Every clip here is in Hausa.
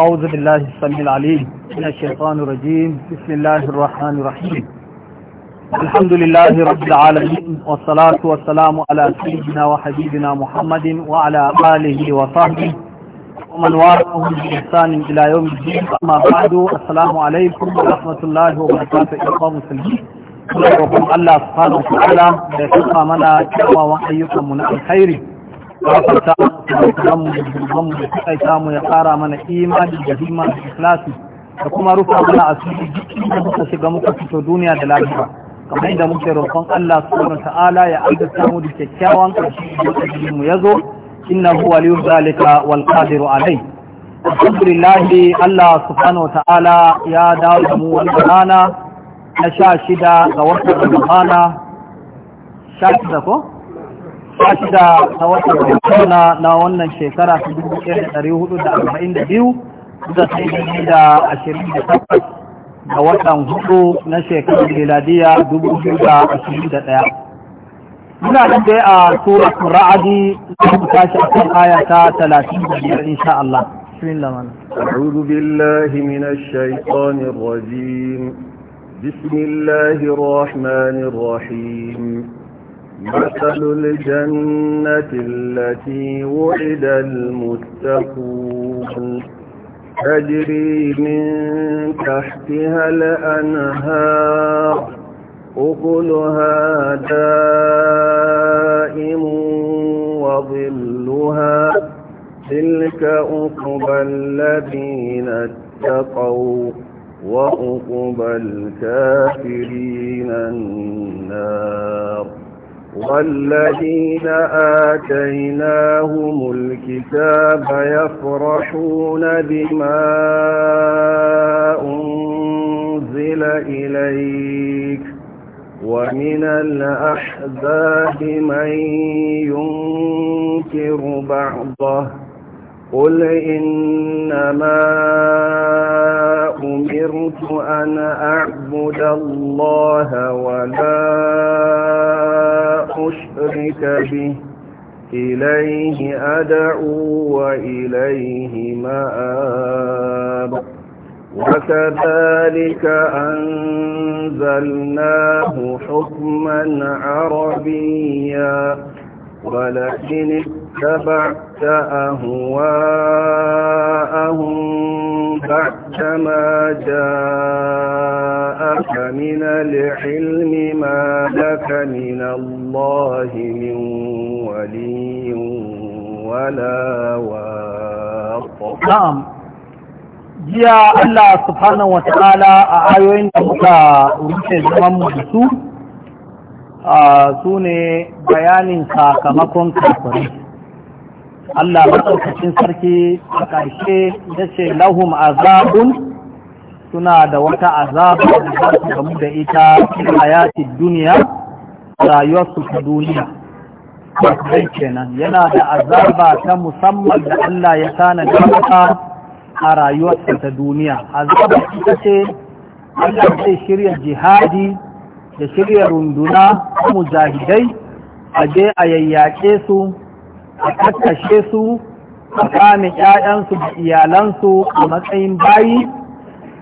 أعوذ بالله السميع العليم من الشيطان الرجيم بسم الله الرحمن الرحيم الحمد لله رب العالمين والصلاة والسلام على سيدنا وحبيبنا محمد وعلى آله وصحبه ومن وارده بإحسان إلى يوم الدين أما بعد السلام عليكم ورحمة الله وبركاته إخوة مسلمين ونرحم الله سبحانه وتعالى بيتقى منا كما وحيكم من الخير gafarta mu da zunubanmu da takaita mu ya ƙara mana imani da himma da ikhlasi da kuma rufa mana asiri duk da muka shiga muka fito duniya da lafiya kamar da muke roƙon Allah subhanahu ta'ala ya albarka mu da kyakkyawan ƙarshe da jirgin mu yazo innahu waliyu zalika wal qadiru alai alhamdulillah Allah subhanahu ta'ala ya dawo da mu wannan rana na sha shida ga watan Ramadana sha shida ko ba shi da na wata rukuna na wannan shekara ta dubu ɗaya da ɗari hudu da arba'in da biyu da sai da da ashirin da takwas da watan hudu na shekarar miladiya dubu biyu da ashirin da ɗaya. Muna nan dai a sura Ra'adi za mu tashi a kan aya ta talatin da biyar insha Allah. أعوذ بالله من الشيطان الرجيم بسم الله الرحمن الرحيم مثل الجنة التي وعد المتقون تجري من تحتها الأنهار أكلها دائم وظلها تلك أقبى الذين اتقوا وأقبى الكافرين النار والذين آتيناهم الكتاب يفرحون بما أنزل إليك ومن الأحباب من ينكر بعضه قل إنما أمرت أن أعبد الله ولا أشرك به إليه أدعو وإليه مآب وكذلك أنزلناه حكما عربيا ولكن اتبعت أهواءهم بعدما جاءك من العلم ما لك من الله من ولي ولا واق نعم jiya Allah subhanahu wata'ala a ayoyin da muka rufe zaman mu da su su ne bayanin sakamakon kafirai Allah matsaukakin sarki a ƙarshe ya ce lahum azabun suna da wata azaba da za su gamu da ita a hayati duniya rayuwarsu ta duniya kai kenan yana da azaba ta musamman da Allah ya da wata a rayuwarsa ta duniya azaba ita ce Allah zai shirya jihadi da shirya runduna mujahidai a je a yayyake su a kakkashe su a kame ƴaƴansu da iyalansu a matsayin bayi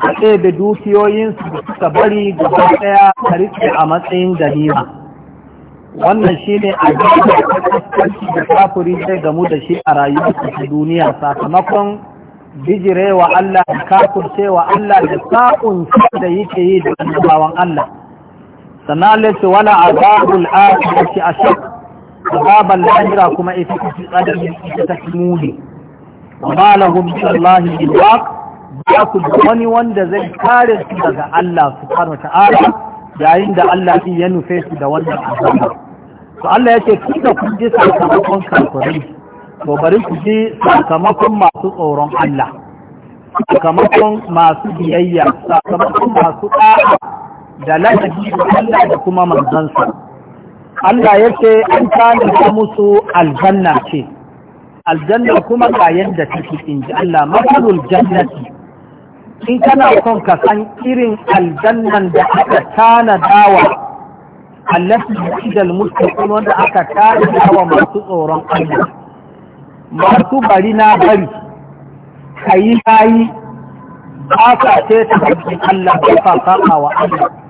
a da dukiyoyinsu da suka bari gaba ɗaya a riƙe a matsayin ganima wannan shi ne a da kafuri zai gamu da shi a rayuwarsa ta duniya sakamakon wa Allah da kafurcewa Allah da sa'un da yake yi da annabawan Allah sannan Allah ce wala azabul akhirati ashaq azaban lahira kuma ita ce tsadari ita ta muni amma lahum min Allah min ba ku wani wanda zai kare su daga Allah subhanahu ta'ala yayin da Allah din ya nufe su da wannan azaba to Allah yake kika kun ji sakamakon kafirai to bari ku ji sakamakon masu tsoron Allah sakamakon masu biyayya sakamakon masu ƙara da ladabi Allah da kuma manzansa Allah ya ce an tanada musu aljanna ce aljanna kuma ga yadda take in ji Allah masalul jannati in kana son ka san irin aljannan da aka tanadawa allati idal kuma da aka dawa masu tsoron Allah masu bari na bari kayi kayi ba ka ce ta Allah ba ka wa Allah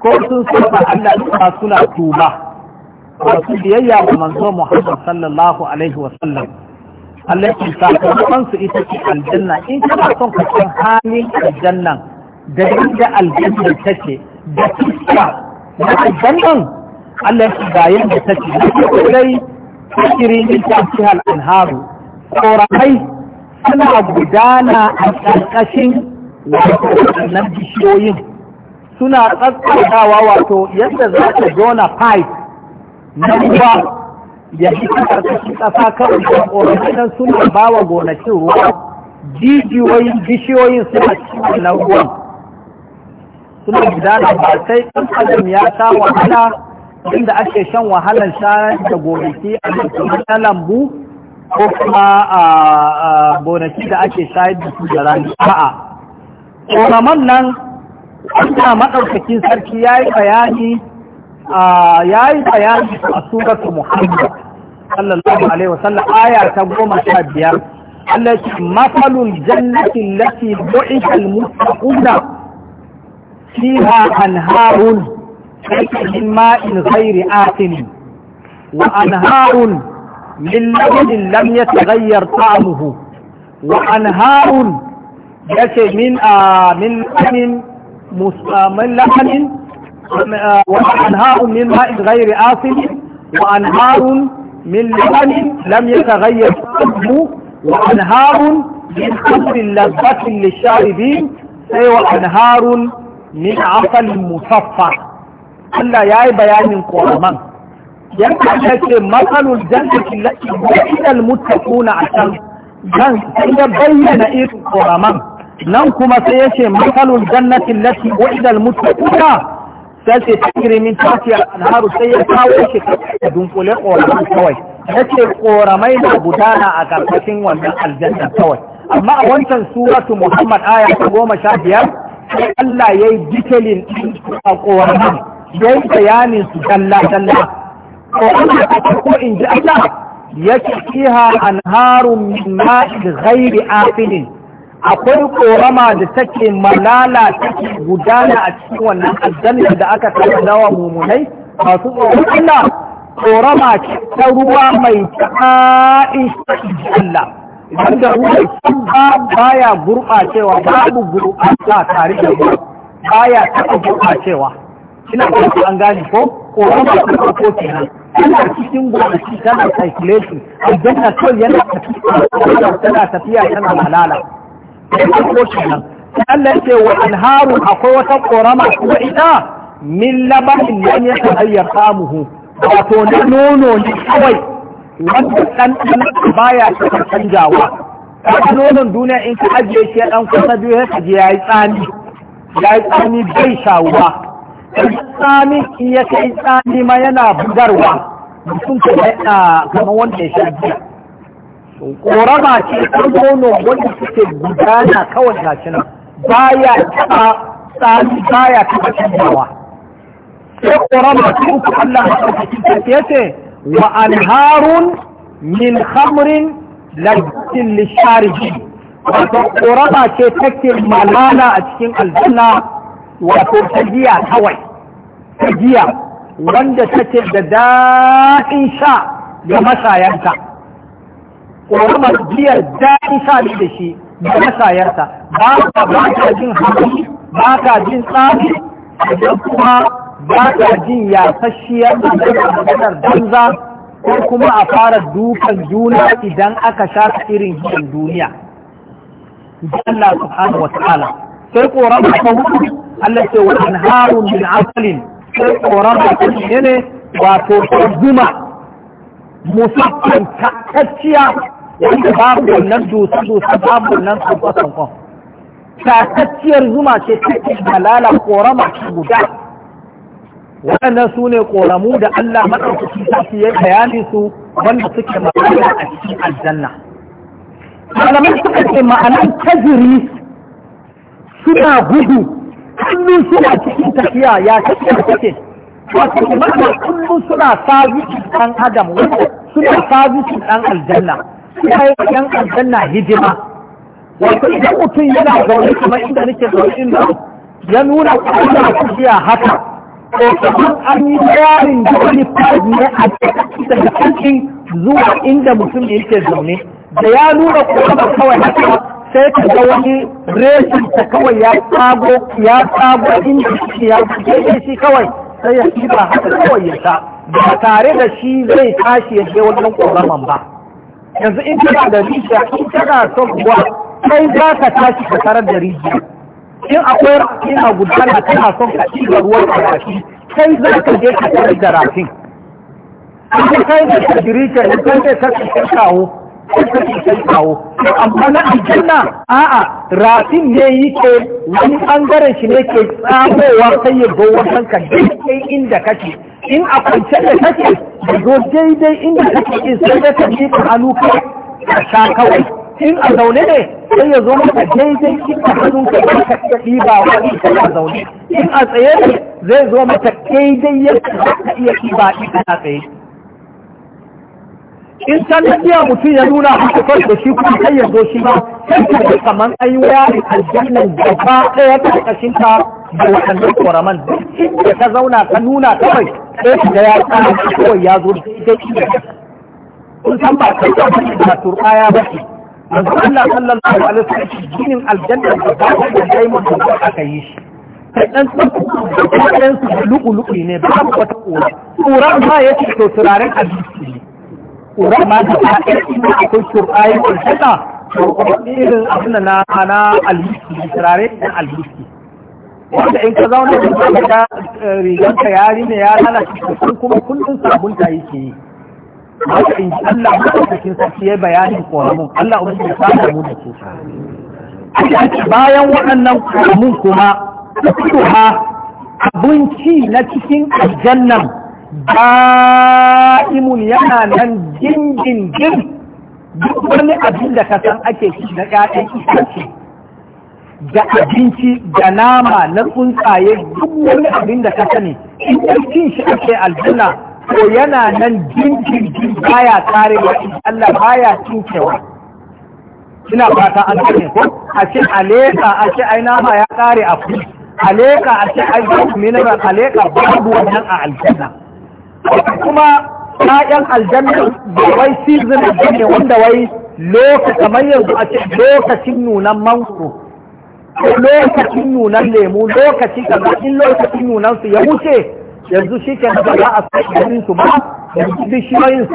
ko sun saba Allah suna suna tuba wasu biyayya wa manzo Muhammad sallallahu alaihi wa sallam Allah ya sakamakon su ita ce aljanna in kana son ka san halin aljannan da inda aljannan take da kisa da aljannan Allah ya ga yadda take da dai fikiri ta tafiha al-anharu korai suna gudana a ƙarƙashin wato nan bishiyoyin suna tsatsaitawa wato yadda za ta zona pipe na ruwa ya fi karkashin ƙasa kawai da suna ba wa gonakin ruwa jijiyoyin bishiyoyin suna cikin na ruwan suna gudana ba sai ɗan adam ya sha wahala inda ake shan wahalar shayar da gonaki a na lambu ko kuma a gonaki da ake shayar da su da rani a'a ƙoraman nan Allah maɗaukakin sarki ya yi bayani ya yi bayani a suratu Muhammad sallallahu alaihi wasallam aya ta goma sha biyar Allah ce mafalul jannati allati bu'ita al-muttaquna fiha anharun min ma'in ghairi asin wa anharun min labnin lam yataghayyar ta'amuhu wa anharun yace min min من لحم وأنهار من ماء غير آصل وأنهار من لحم لم يتغير طعمه وأنهار من خمر لذة للشاربين أي وأنهار من عسل مصفى ألا يا بيان قرما يبقى مثل الجنة التي وعد المتقون عشان كان سيبين إيه قرمان nan kuma sai ya ce matsalul jannatin lati wa'idal mutakuna sai ce tajiri min tafiya anharu sai ya kawo shi da dunkule koramai kawai ya ce koramai na gudana a karkashin wannan aljanna kawai amma a wancan suratu muhammad aya ta goma sha biyar sai allah ya yi jikelin a koramai ya yi bayanin su dalla dalla koramai a ko in ji allah ya ce fiha anharun min ma'id ghairi akwai korama da take malala take gudana a cikin wannan aljannar da aka tattala wa mumunai masu tsoron Allah korama ce ta ruwa mai ta'in Allah idan da ruwa ba baya gurɓacewa babu gurɓata tare da ruwa baya taɓa gurɓacewa ina ba an gane ko korama ta farko kenan ana cikin gonaki tana circulation aljanna kawai yana tafiya tana tafiya tana malala ko kenan Allah yake wa anharu akwai wata korama kuma ita min labanin lan ya tahayyar samuhu wato na nono ne kawai wanda dan dan baya ta canjawa kaga nonon duniya in ka ajiye shi ɗan kusa biyu ya kaji yayi tsani yayi tsani bai shawuwa tsani in ya kai tsani ma yana bugarwa mutum ka kamar wanda ya sha biya ƙorama ce ta nono wanda suke gudana kawai gashi nan baya taɓa tsari baya taɓa canjawa sai ƙorama ta uku Allah ya ta ce wa alharun min khamrin lajin lishariji wato ƙorama ce take malala a cikin aljanna wato ta giya kawai ta giya wanda take da daɗin sha ga mashayanta ƙoramar biyar daɗi sa da shi da masayarsa ba ka ba ka jin haƙi ba ka jin tsafi da kuma ba ka jin yasasshiyar maganar banza ko kuma a fara dukan juna idan aka shafa irin hiyan duniya Allah subhanahu wa ta'ala sai ƙoramar ta hudu Allah ce wa anharun min asalin sai ƙoramar ta ne wato zuma musamman takacciya wanda babu wannan dusa-dusa babu wannan sankwa-sankwa tatacciyar zuma ce ta ke halala korama guda waɗannan su ne koramu da Allah maɗaukaki ta fiye bayani su wanda suke magana a cikin aljanna malamai suka ce ma'anar tajiri suna gudu kullum suna cikin tafiya ya da kake wato kuma kullum suna sabitin ɗan adam wanda suna sabitin ɗan aljanna suna yi hijima. aljanna hidima wato idan mutum yana zaune kuma inda nake zaune inda ya nuna kuma kujiya haka Ko kamar an yi tsarin jikin wani ne a daga cikin zuwa inda mutum yake zaune da ya nuna kuma kawai haka sai ka ga wani reshin ta kawai ya tsago ya tsago inda shi ya fice shi kawai sai ya ba haka kawai ya ba tare da shi zai tashi ya je wannan ƙoraman ba. yanzu in kana da rijiya in kana son ruwa kai za ka tashi ka tarar da rijiya in akwai rafi a gudana kana son ka ci ruwan a rafi kai za ka je ka tarar da rafin in kai da shirika in kai da ta kawo kai kai kawo amma na aljanna a'a rafin ne yake wani bangaren shi ne ke tsamowa sai ya zo wajen ka daidai inda kake in a kwance da kake da zo daidai inda kake in sai da ka ji hannu ka sha kawai in a zaune ne sai ya zo maka daidai inda hannun ka ba ka ɗiba wani kana zaune in a tsaye ne zai zo maka daidai yadda ka iya ɗiba ɗiba a tsaye in ta lafiya mutum ya nuna haka kawai da shi kuma kai ya zo shi ba sai ka ga kamar an yi wayarin aljannan gaba ɗaya ta ƙarƙashin ka da waɗannan ƙoraman Da ka zauna ka nuna kawai sai ka ga ya tsara kawai ya zo da shi. kun san ba kai ta wani da turɓaya ba ce yanzu Allah sallallahu alaihi wasallam jinin aljannan gaba ɗaya kai mutum da aka yi shi kai ɗan tsarkuku da ɗan su lu'ulu'i ne ba wata ƙura ƙura ba ya ce to turaren abinci ƙura ma da ba a yi da akwai turɓayi ƙulshaka to irin abin da na na alhiski turare na alhiski wanda in ka zauna da rigan ka riganka ya rine ya lalace kun kuma kullum sabunta yake yi wanda in ji Allah maɗaukakin sarki ya bayanin ƙoramun Allah ubangiji ya fara mu da su bayan waɗannan ƙoramun kuma da abinci na cikin aljannan ba'imun yana nan dindindin duk wani abin da ka san ake shi na ƴaƴan itace da abinci da nama na tsuntsaye duk wani abin da ka sani in cin shi ake aljanna to yana nan dindindin baya karewa in Allah baya cinkewa ina fata an gane ko a ce aleka a ce ai nama ya kare a a aleka a ce ai mineral aleka babu wannan a aljanna kuma ƴaƴan aljanna da wai season ne wanda wai lokaci kamar yanzu a ce lokacin nunan mangoro lokacin nunan lemu lokacin kaza in lokacin nunan su ya wuce yanzu shi ke da za a sai su ba yanzu bishiyoyin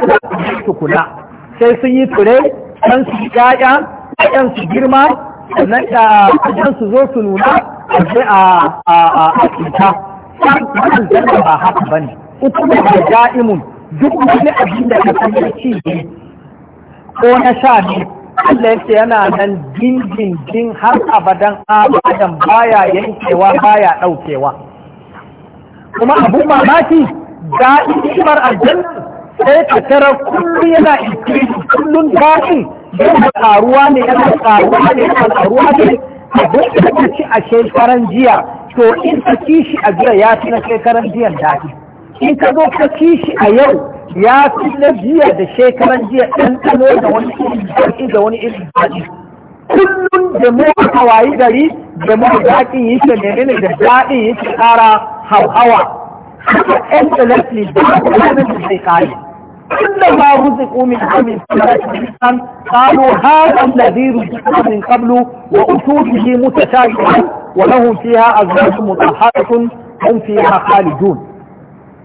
su kula sai sun yi fure kan su ƴaƴa ƴaƴan su girma sannan ƴaƴan su zo su nuna a a a a cuta ba haka bane uku da da'imun duk wani abin da ka ne ko na sha ne Allah yake yana nan dindindin har abadan abadan baya yankewa baya daukewa kuma abun mamaki ikimar aljanna sai ka tara kullum yana ikiri kullum da'in yana karuwa ne yana karuwa ne yana karuwa ne da ci a shekaran jiya to in ka kishi a jiya ya fi na shekaran jiyan da'in in ka zo ka ci shi a yau ya fi na jiya da shekaran jiya ɗan ɗanɗano da wani irin daɗi da wani irin daɗi kullum da mu a wayi gari da mu daɗin yake ne ne da daɗin yake ƙara hauhawa haka endlessly da ranar da zai kare kullum ma ruziku min amin salatan qalu da alladhi ruziqna min qablu wa mutu utubihi mutashabihan wa lahum fiha azwajun mutahharatun hum fiha khalidun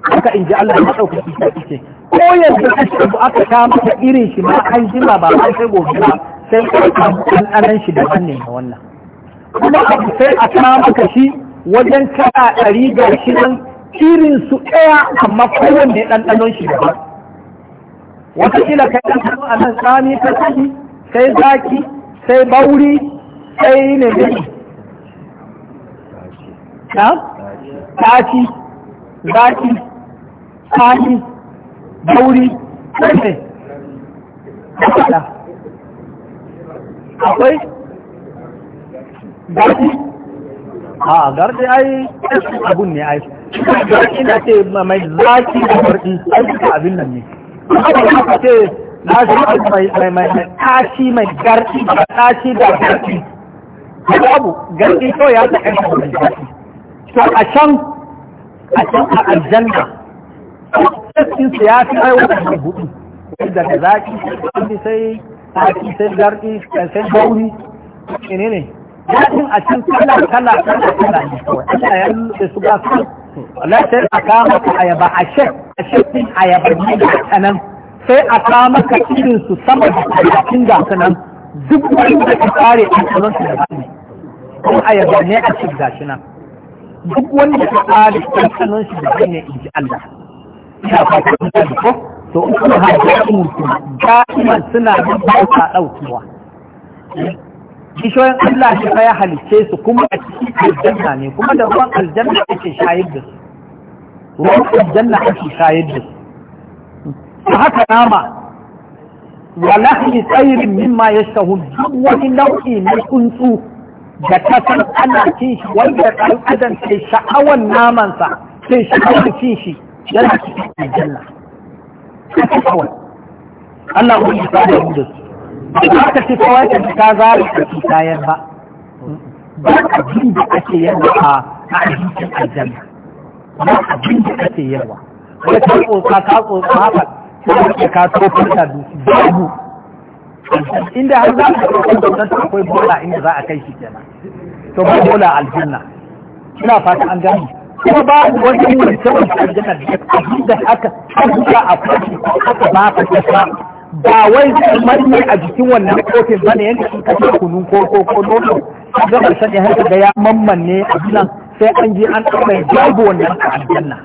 haka in ji Allah ya ɗauka shi ta ce ko yanzu a ce abu aka ta irin shi ma an jima ba an sai gobe ba sai ka samu shi da wannan ne wannan kuma abu sai a ta shi wajen kada ɗari ga shi nan irin su ɗaya amma kowanne ɗanɗanon shi daban wataƙila kai ɗanɗano a nan tsami ka sani sai zaki sai bauri sai ne ne zaki tsani bauri ƙarfe akwai gardi a gardi ai abun ne ai gardi na ce mai zaki da gardi ai abin nan ne ce na shi mai mai tashi mai garɗi. da tashi da gardi abu kawai ya ta ƙarfi mai to a can a can a aljanna cikin su ya fi ai wannan hudu daga zaki sai sai zaki sai garki sai gauri ne ne yakin a cikin kala kala kala kala ne kawai Allah ya lutse su ga su Allah sai a kama ka ayaba a shek a shekin ayaba ne da nan, sai a kama ka irin su sama da cikin ga kanan duk wani da ka tsare a kanan su da ne kuma ayaba ne a cikin gashi nan duk wanda ka tsare a kanan shi da ne in ji Allah to in kuma suna da bauta kishoyin Allah shi ya halice su kuma a cikin aljanna ne kuma da ruwan aljanna ake shayar da su ruwan aljanna ake shayar da su ta haka nama wa lahmi tsayirin mimma yashtahun duk wani nau'i na tsuntsu da ta san ana cin shi wanda ɗan adam ke sha'awan namansa sai sha'awan cin shi yana cikin aljanna haka kawai Allah ku yi tsada mu da su ba ka ce kawai ka ta zara ka ci tayar ba ba abin da ake yawa a abincin aljanna ba abin da ake yawa wata ta tsotsa ta tsotsa haka ta ke ka tsofar da dusu babu inda har za ka tsofar da wata akwai bola inda za a kai shi kenan to ba bola aljanna ina fata an gani kuma ba wani mai saman aljanna da abinda aka tsaruka a fashi ko aka ba ka kasa ba wai kamar ne a jikin wannan kofin bane yanda in ka kunun ko ko ko nono ka ga ba sani har ga ya mammanne a nan sai an je an tsaka babu wannan aljanna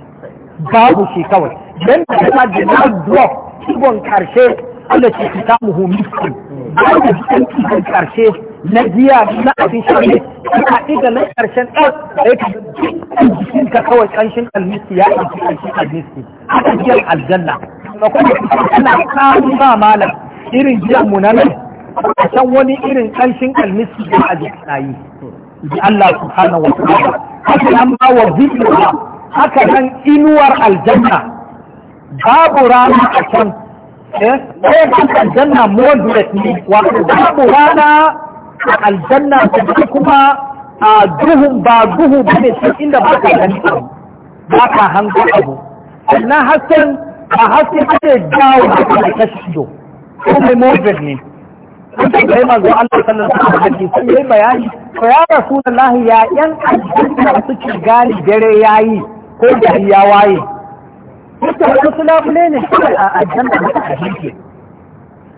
babu shi kawai dan da kuma da na drop kibon karshe Allah ce ki samu hu miskin babu kibon karshe na jiya na abin shi ka ɗiga na ƙarshen ɗan sai ka jikin ka kawai ƙanshin almiski ya ɗauki ƙanshin almiski haka jiyar aljanna da kuma ana samun ba malam irin jiyar mu na nan a can wani irin ƙanshin almiski da a na yi bi Allah subhanahu wa ta'ala haka an ba wa zikra haka nan inuwar aljanna babu rana a can eh sai aljanna moderate ne wato babu rana a aljanna da kuma a duhun ba duhu ba ne sai inda ba ka gani abu ba ka hango abu sannan hasken a hasken ake dawo da kuma do ko mai mordred ne wanda ga yi mazo Allah sallallahu alaihi wasallam yi bayani ko ya rasulullahi ya yan aljanna suke gane dare yayi ko da ya waye Mutane su labule ne a aljanna da aka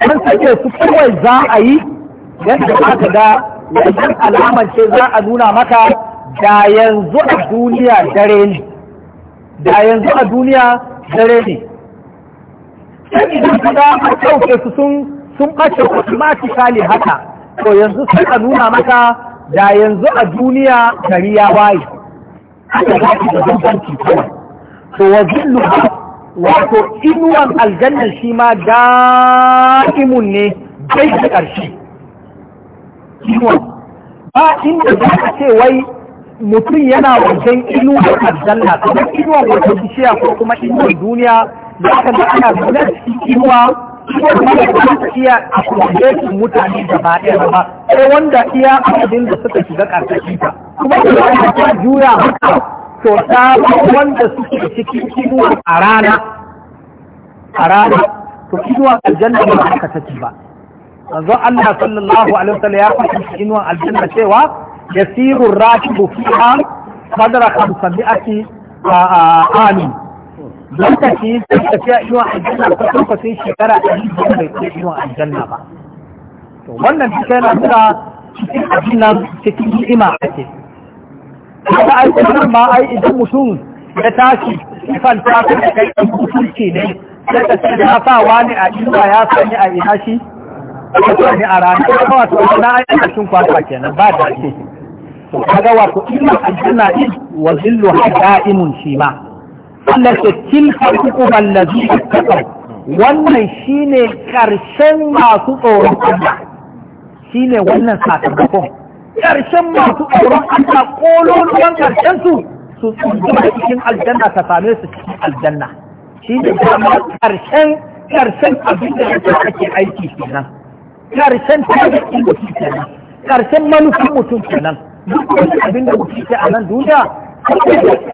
kan sake su kawai za a yi yadda aka ga yanzu alamar ce za a nuna maka da yanzu a duniya dare ne da yanzu a duniya dare ne sai idan ka ga a kyauke su sun sun ɓace automatically haka to yanzu sai a nuna maka da yanzu a duniya gari ya waye haka za ki da ki kawai to wa zillu wato inuwan aljannan shi ma da'imun ne bai da ƙarshe ba inda za a ce wai mutum yana wajen inuwan aljanna kuma inuwar wata bishiya ko kuma inuwar duniya za ka da ana zaune shi inuwa kuma da ba a iya a kuma mutane da ba ɗaya ba sai wanda iya abin da suka shiga ƙarƙashin ta kuma da juya to ɗaba wanda suke cikin kinuwa a rana a rana to kinuwa aljanna ba aka saki ba manzo Allah sallallahu alaihi wasallam ya faɗi kinuwa aljanna cewa yasiru rakibu fiha qadra 500 amin don ta ci tafiya inuwa aljanna ko kuma sai shekara 100 bai ci inuwa aljanna ba to wannan cikin na cikin abin nan cikin ni'ima ake haka ai kuma ma ai idan mutum ya tashi kan ta kuma kai da mutunci ne sai ka ce ya sa wani a ina ya sa a ina shi ka ni a rana kuma wato na ai a cikin kwata kenan ba da shi to kaga wato ina aljanna in wa zillu hada'imun shi ma Allah ce tilka uqbal ladhi taqaw wannan shine karshen masu tsoron Allah shine wannan sakamakon ƙarshen masu auren Allah ƙololuwan ƙarshen su su tsundu cikin aljanna ka same su cikin aljanna shi ne dama ƙarshen ƙarshen abin da ya ake aiki kenan ƙarshen tarihin mutum kenan ƙarshen manufin mutum kenan duk wani abin da mutum ke a nan duniya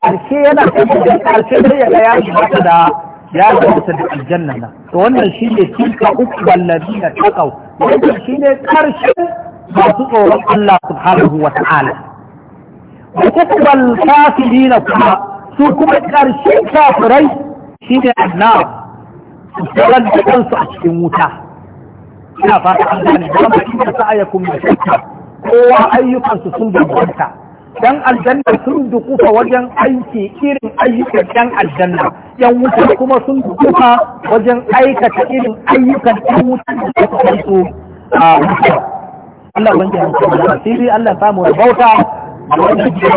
ƙarshe yana da ƙarshe da ya ga ya shiga da ya gabata da aljanna na to wannan shi ne tilka uku ballabi na takau wannan shi ne ƙarshen masu tsoron Allah subhanahu wa ta'ala wa kutubal na kuma su kuma karshen kafirai shi shine annar su tsoron da a cikin wuta ina fata an gane da ma inda sa'ayakum bi shakka kowa ayyukansu sun bambanta dan aljanna sun dukufa wajen aiki irin ayyukan dan aljanna yan wuta kuma sun dukufa wajen aikata irin ayyukan yan wuta da suka a wuta Allah wanda ya asiri Allah samu da bauta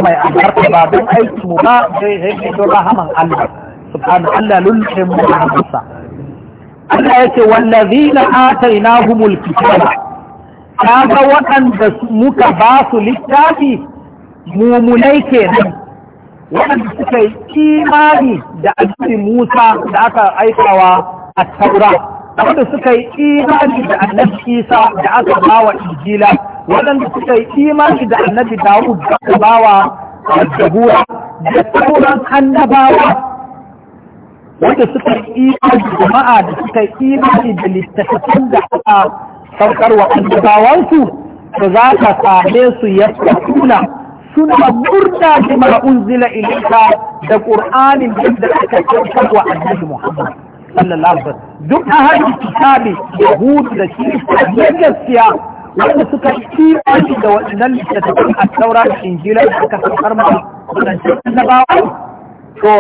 mai albarka ba don aiki mu ba sai ya ke don rahaman Allah Allah mu da hamsa Allah kaga waɗanda muka ba su littafi mumunai kenan waɗanda suka yi da annabi Musa da aka aikawa a Taurat wanda suka yi imani da annabi isa da aka bawa injila waɗanda suka yi imani da annabi dawud da aka bawa zabura da sauran annabawa wanda suka yi imani jama'a da suka yi imani da littattafan da aka saukarwa annabawansu da za ka same su ya suna suna murna da ma'unzila ilika da ƙur'anin da aka kyautar wa annabi muhammad sallallahu alaihi wasallam duk ahadin kitabi yahudu da kirista ne gaskiya wanda suka ci aji da waɗannan littattafan a taura da injila da aka saukar ma wadancan annabawa to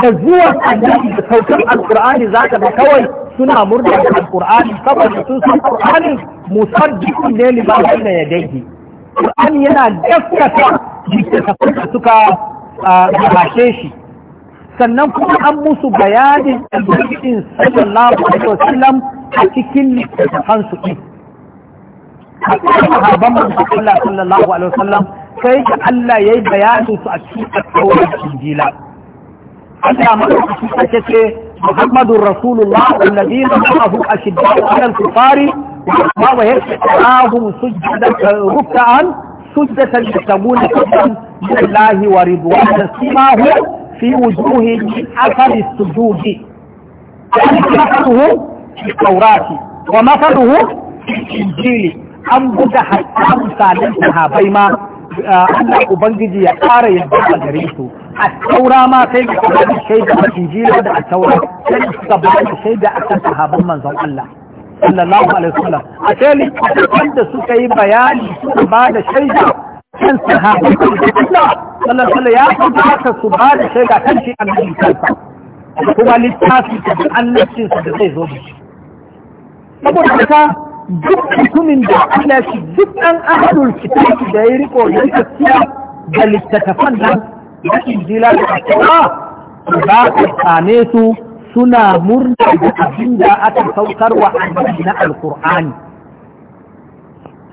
da zuwan annabi da saukar alqur'ani za ga kawai suna murna da alqur'ani saboda su san alqur'ani musaddiqi ne lima bayna yadayhi alqur'ani yana gaskata littattafan da suka ah, bashe shi sannan kuma an musu bayanin albarkin sallallahu alaihi wasallam a cikin littattafan su ɗin a cikin sahabban Allah sallallahu alaihi wasallam sai da Allah ya yi bayanin su a cikin tsawon injila Allah madaukakin sarki ce محمد رسول الله الذين معه أشداء على الكفار وهي تراهم سجدا ركعا سجدة يسمون فضلا من الله ورضوانا سماهم في وجوه من أثر السجود ذلك مثله في التوراة ومثله في الإنجيل an buga hatta misalin sahabai ma Allah Ubangiji ya ƙara yadda a gare su a taura ma sai da kuma da shaida a injila da a taura sai da suka ba da shaida a kan sahabban manzon Allah sallallahu alaihi wasallam a sai littattafan da suka yi bayani suka ba da shaida kan sahabi Allah sallallahu alaihi ya kamata su ba da shaida kan shi annabi kansa kuma littafi da annabcin sa da zai zo da shi saboda haka duk mutumin da Allah shi duk an ahlul kitabi da ya riko da gaskiya da littattafan nan da injila da tawra za ka same su suna murna da abin da aka saukar wa annabi na alqur'ani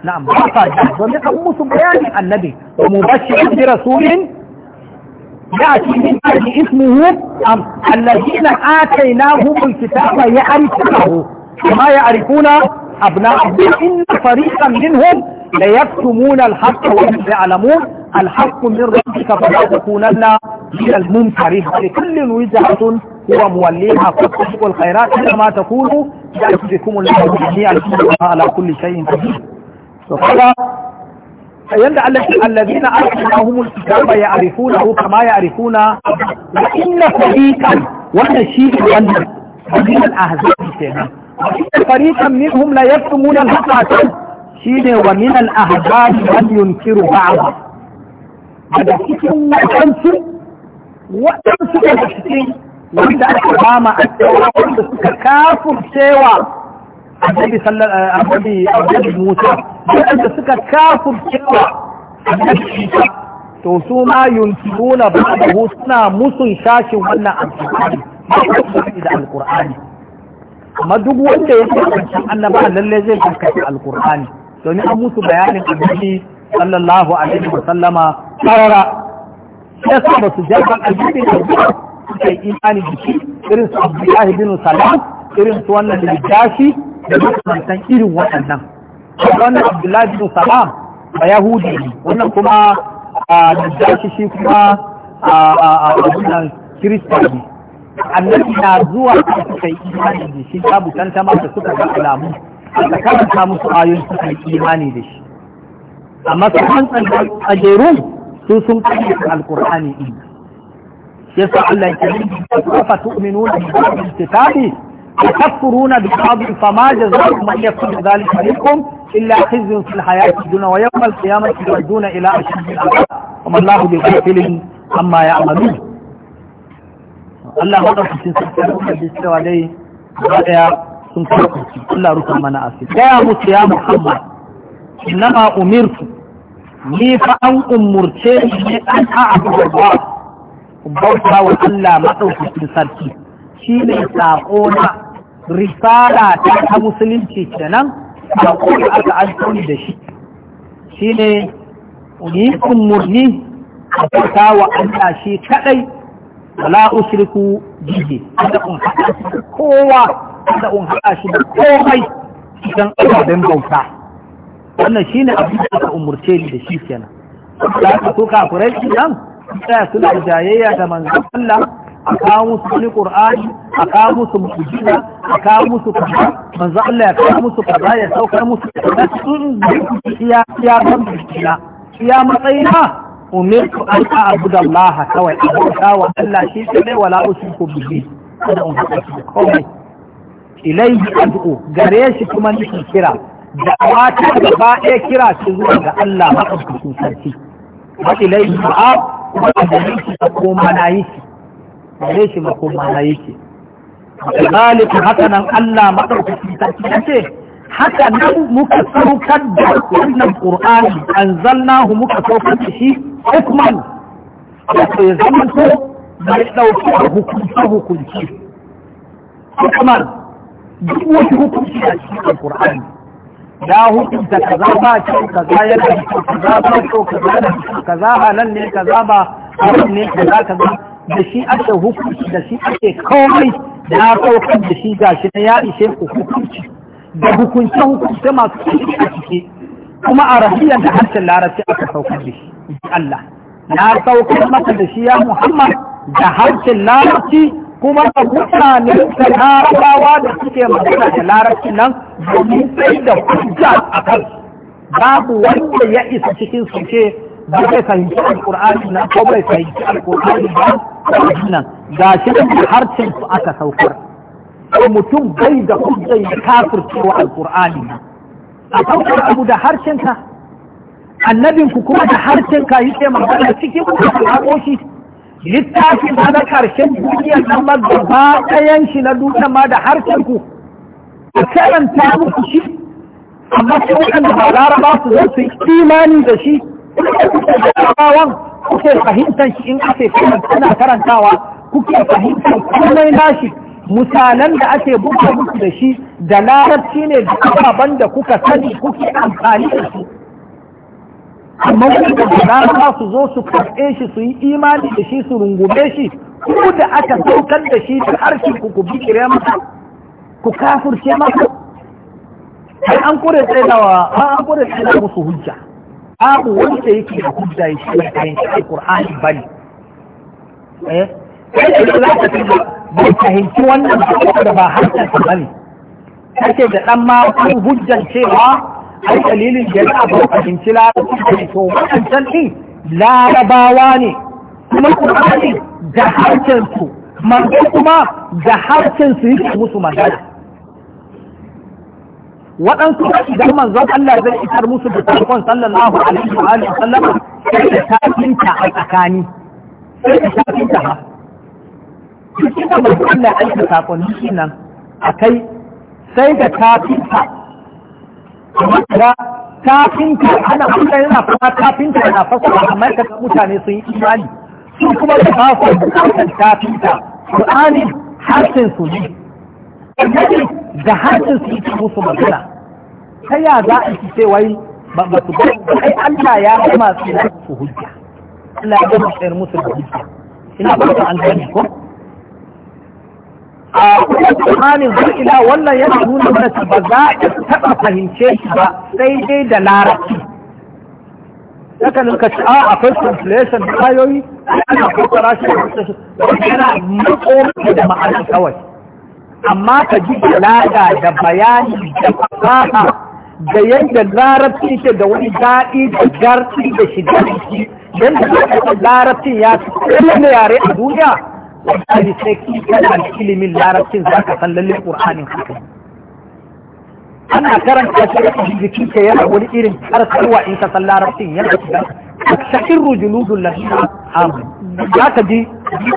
نعم ba sa ji domin an musu يأتي من أجل اسمه أم الذين آتيناهم الكتاب يعرفونه كما يعرفون الدين إن فريقا منهم ليكتمون الحق وهم يعلمون الحق من ربك فلا تكونن من المنكرين لكل وجهة هو موليها فاستحقوا الخيرات كما تكونوا يأتي بكم الله جميعا على كل شيء قدير to kaga yanda Allah ya allazina arhamahumul kitaba ya'rifunahu kama ya'rifuna wa inna fariqan wannan shi wannan min al-ahzab shine wa min al man yunkiru ba'd daga cikin wadansu wadansu daga cikin wanda aka bama a wanda suka kafurcewa annabi eh, annabi annabi Musa da suka cewa annabi Musa, to su ma yunkiruna ba'dahu suna musun shashin wannan alqur'ani ba da alqur'ani amma duk wanda ya kafirce annaba lalle zai kafirce alqur'ani domin an musu bayanin annabi sallallahu alaihi wa sallama tarara sai sa ba su jarba aljibi da suka yi imani da shi irin su abdullahi bin salam irin su wannan da jashi da makamantan irin waɗannan wannan abdullahi bin salam a yahudi ne wannan kuma a najashi shi kuma a wannan kirista ne annabi na zuwa da suka yi imani da shi ta tantama da suka ga alamu da karanta musu ayoyin suka yi imani da shi amma su hantsan ajerun su sun kai alkur'ani din yasa Allah ya ce fa tu'minuna bi kitabi تكفرون ببعض فما جزاكم ان يكون ذلك عليكم الا خزي في الحياه الدنيا ويوم القيامه يردون الى اشد العذاب وما الله بغافل عما يعملون Allah maɗaukacin sarki a cikin da cewa dai ba ɗaya sun karfafi Allah rufa mana a cikin ya Muhammad umirtu ni fa an umurce ni ne an abu da ba bauta wa Allah maɗaukacin sarki shi ne na risala ta musulunci kenan da kuma aka tuni da shi shine unikum murni a kuka wa Allah shi kadai wala ushriku bihi da un haɗa kowa da un haɗa shi da komai cikin ababen bauta wannan shine abin da aka umurce ni da shi kenan da aka so kafirai nan tsaya suna jayayya da manzon Allah a kawo musu wani qur'ani a kawo musu mu'jiza a kawo musu kaza manzo Allah ya kawo musu kaza ya saukar musu kaza sun ya ya ban bishira ya matsayina umirtu an a'budu Allah kawai abota wa Allah shi kadai wala ushriku bihi kada in faɗa komai ilaihi ad'u gare shi kuma nake kira da awata gaba ɗaya kira shi zuwa ga Allah maɗaukakin sarki wa ilaihi ma'ab kuma da nake na yi shi gare shi makoma na yake zalika haka nan Allah madaukaki sarki yace haka nan muka saukar da wannan qur'ani anzalnahu muka saukar da shi hukman wato ya zama to mai dauki da hukunci hukunci hukman duk wani hukunci a cikin qur'ani ya hukunta kaza ba ce kaza yana kaza ba ko kaza kaza halal ne kaza ba haram ne kaza kaza da shi ake hukunci da shi ake komai da ya saukar da shi shi na ya ishe ku hukunci da hukunce hukunce masu ciki a ciki kuma a rahiyar da harshen larabci aka saukar da shi Allah ya saukar maka da shi ya Muhammad da harshen larabci kuma da mutane da larabawa da suke magana da larabci nan domin sai da hujja a kan babu wanda ya isa cikin su ce ba zai fahimci alƙur'ani na ko bai fahimci alƙur'ani ba nan ga shi harshen su aka saukar mutum bai da hujjai da kafircewa alƙur'ani na a saukar abu da harshen ka annabin ku kuma da harshen ka yi ce magana cikin ku ka haƙo shi littafin ma na karshen duniyar nan ma gaba ɗayan shi na dutsen ma da harshen ku a karanta muku shi amma sai waɗanda ba laraba su zai su imani da shi jarabawan kuke fahimtar shi in ake kana karantawa kuke fahimtar komai nashi misalan da ake buga muku da shi da larabci ne da ababen da kuka sani kuke amfani da su amma wanda da su zo su karɓe shi su yi imani da shi su rungume shi ku da aka saukar da shi da harshen ku ku bikire masa ku kafurce masa sai an kure tsaye da musu hujja babu wanda yake da hujja ya shi ya fahimci alkur'ani ba ne eh kai da za ka fi ba fahimci wannan ba da ba harshen ba ne kake da dan ma ku hujjan cewa ai dalilin da ya ba fahimci larabci to wannan din larabawa ne kuma qur'ani da harshen su kuma da harshen yake musu magana waɗansu idan manzon Allah zai isar musu da tarkon sallallahu alaihi wa alihi sallam sai da tafinta a tsakani sai da tafinta ha cikin da manzon Allah ya aika sakonni nan akai sai da tafinta kuma da tafinta ana mutane yana fara tafinta yana fasa amma ka mutane sun yi imani su kuma da ba da tafinta Qur'ani harshen su ne annabi da harshen su yake musu magana ta ya za a ci ce wai ba su ai Allah ya ga masu da su hujja Allah ya ga masu musu da hujja ina ba ta an gani ko a Qur'anin har ila wannan yana nuna mana ta ba za a taɓa fahimce shi ba sai dai da larabci Saka nuka ci a ah, akwai translation da kayoyi ana fassara shi da yana makomi da ma'ana kawai amma ka ji alaƙa da bayani da fasaha da yadda larabci ke da wani daɗi da garci da shiga ciki yadda larabcin ya fi kowane yare a duniya wani sai ki kana da ilimin larabcin za ka san lallin ƙur'anin haka ana karanta shi da jiki ke yana wani irin karkarwa in ka san larabcin yana shiga a shakin rujuludun lafiya amin za ka ji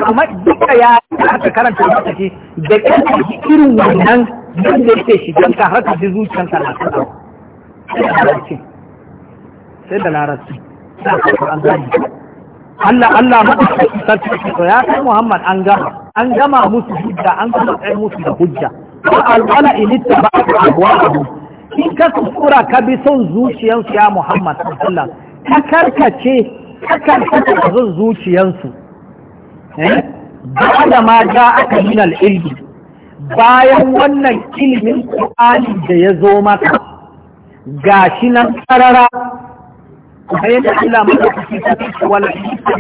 amma duka ya aka karanta masa da irin wannan yadda yake don ka har ka zuciyar ka na ta sai da larabci da an gani Allah Allah ta sarki to ya kai Muhammad an gama an gama musu hujja an gama kai musu da hujja wa alwala ilitta ba abwaahu in ka kuskura ka bi son zuciyarsu ya Muhammad sallallahu alaihi wasallam ka karkace kakan kakan zan zuciyansu eh? ba da ma ga aka min ilimi bayan wannan ilimin ƙwani da ya zo maka ga shi nan karara bayan da Allah maka kashi ta kashi wala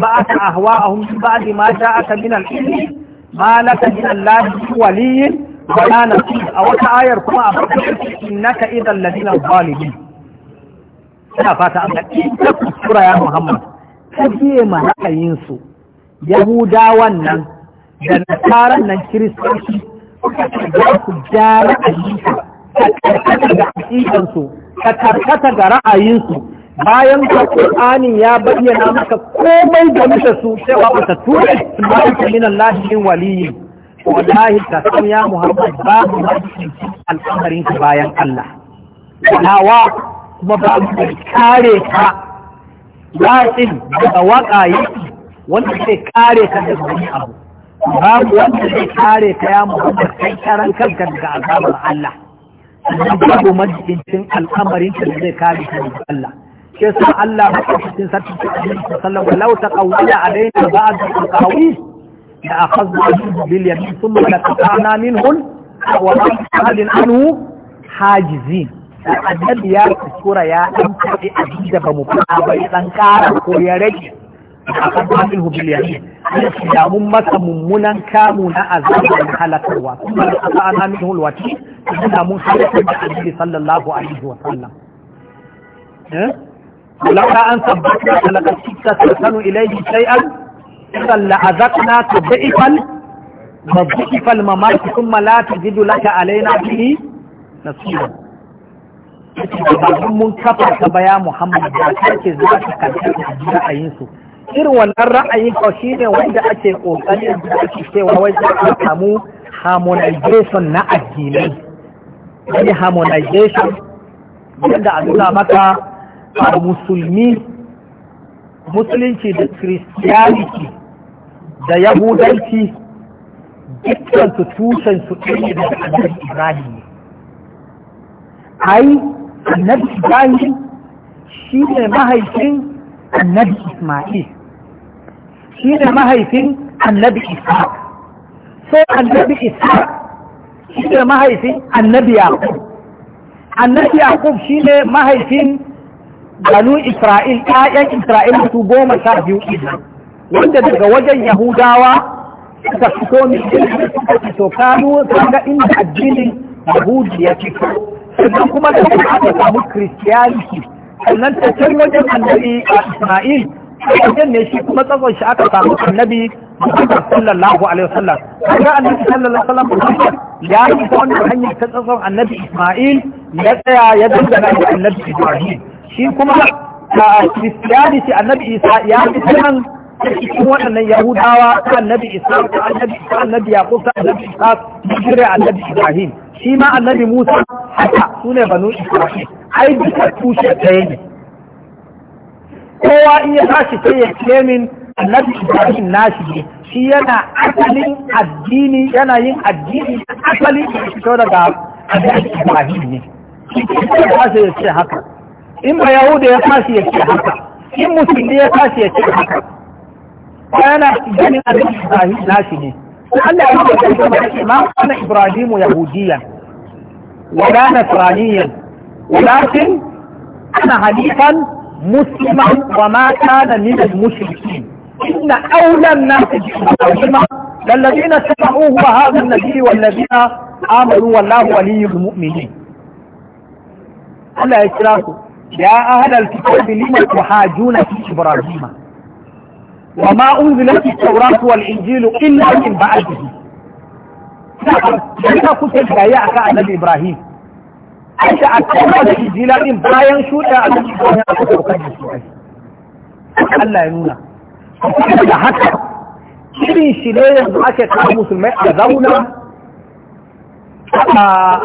ba aka ahwa a hun ba da ma ja aka na ilimi ma laka min allahi waliyin wala nasib a wata ayar kuma a bakin innaka idan ladina zalimin ina fata Allah, ga in kuskura ya Muhammad ta biye ma ra'ayinsu yahudawan nan da nasaran nan kiristoci za su ja ra'ayinsu ta ga ta karkata ga ra'ayinsu bayan ka ƙur'ani ya bayyana maka komai game da su cewa ba ta tura isma'il min Allah min waliyi wallahi ka san ya Muhammad ba mu al'amarin bayan Allah lawa kuma ba mu kare ka yasin daga waka yake wanda zai kare ka daga wani abu babu wanda zai kare ka ya muhammad kai karan kanka daga azabar Allah sannan babu majikin al'amarin ka zai kare ka daga Allah ke sa Allah maɗaukacin sarki ta alaihi sallam walau ta a alaina ba'd al biliyar sun akhadna bil yamin min hun a wa ma ahadin anhu hajizin annabi ya kuskura ya ɗan kaɗe a jinda ba mu fara ba ya dan ƙara ko ya rage a kan kafin hubiliyari ya mun masa mummunan kamu na azabar da halakarwa kuma da aka ana min hulwaci suna mun halaka ba a jiri sallallahu alaihi wa sallam eh? lauka an sabbata da lakasci ta sarsanu ilaihi sai an tsalla a zakna ta da'ifal ma zu'ifal ma mati kuma la ta jidu laka alaina na sunan. idan mun kafa ta baya Muhammad da kake za ka ra'ayin su irin wannan ra'ayin ko shi ne wanda ake kokarin da ake cewa za a samu harmonization na addinai wani harmonization yadda a nuna maka a musulmi musulunci da christianity da yahudanci dukkan su tushen su ɗaya da annabi ibrahim ai annabi ibrahim shi ne mahaifin annabi isma'il shi ne mahaifin annabi ishaq sai annabi ishaq shi ne mahaifin annabi yaqub annabi yaqub shi ne mahaifin banu isra'il ƴaƴan isra'il su goma sha biyu ɗin wanda daga wajen yahudawa suka fito mai jirgin suka fito kanu ga inda addinin yahudi ya fito sannan kuma da kuma aka samu kristiyaniki. sannan ta can wajen annabi a isma'il wajen ne shi kuma tsakon shi aka samu annabi Muhammad sallallahu alaihi wasallam kaga annabi sallallahu alaihi wasallam ya yi wannan hanyar ta tsakon annabi isma'il ya tsaya ya dangana da annabi ibrahim shi kuma a kristiyaniki annabi isa ya yi sanan cikin waɗannan yahudawa ta annabi isa ta annabi isa annabi yaqub ta annabi isa ta annabi ibrahim shi ma annabi Musa haka su ne banu Isra'il ai duka tushe ɗaya ne kowa in ya tashi sai ya ce min annabi Ibrahim nashi ne shi yana asalin addini yana yin addini asalin da fito daga annabi Ibrahim ne ya tashi ya ce haka in ba Yahuda ya tashi ya ce haka in musulmi ya tashi ya ce haka yana ganin annabi Ibrahim nashi ne لعل ما كان إبراهيم يهوديا ولا نصرانيا ولكن كان حنيفا مسلما وما كان من المشركين إن أولى الناس بإبراهيم للذين اتبعوه وهذا النبي والذين آمنوا والله ولي المؤمنين الله يا أهل الكتاب لم تحاجون في إبراهيم وما أنزلت التوراة والإنجيل إلا من بعده لا كنت بايع النبي إبراهيم أنت أكتب الإنجيل من بايع شو إلا أبي إبراهيم أكتب من شوئي ألا ينونا حتى إذن شلية معك كامو سلمي أذونا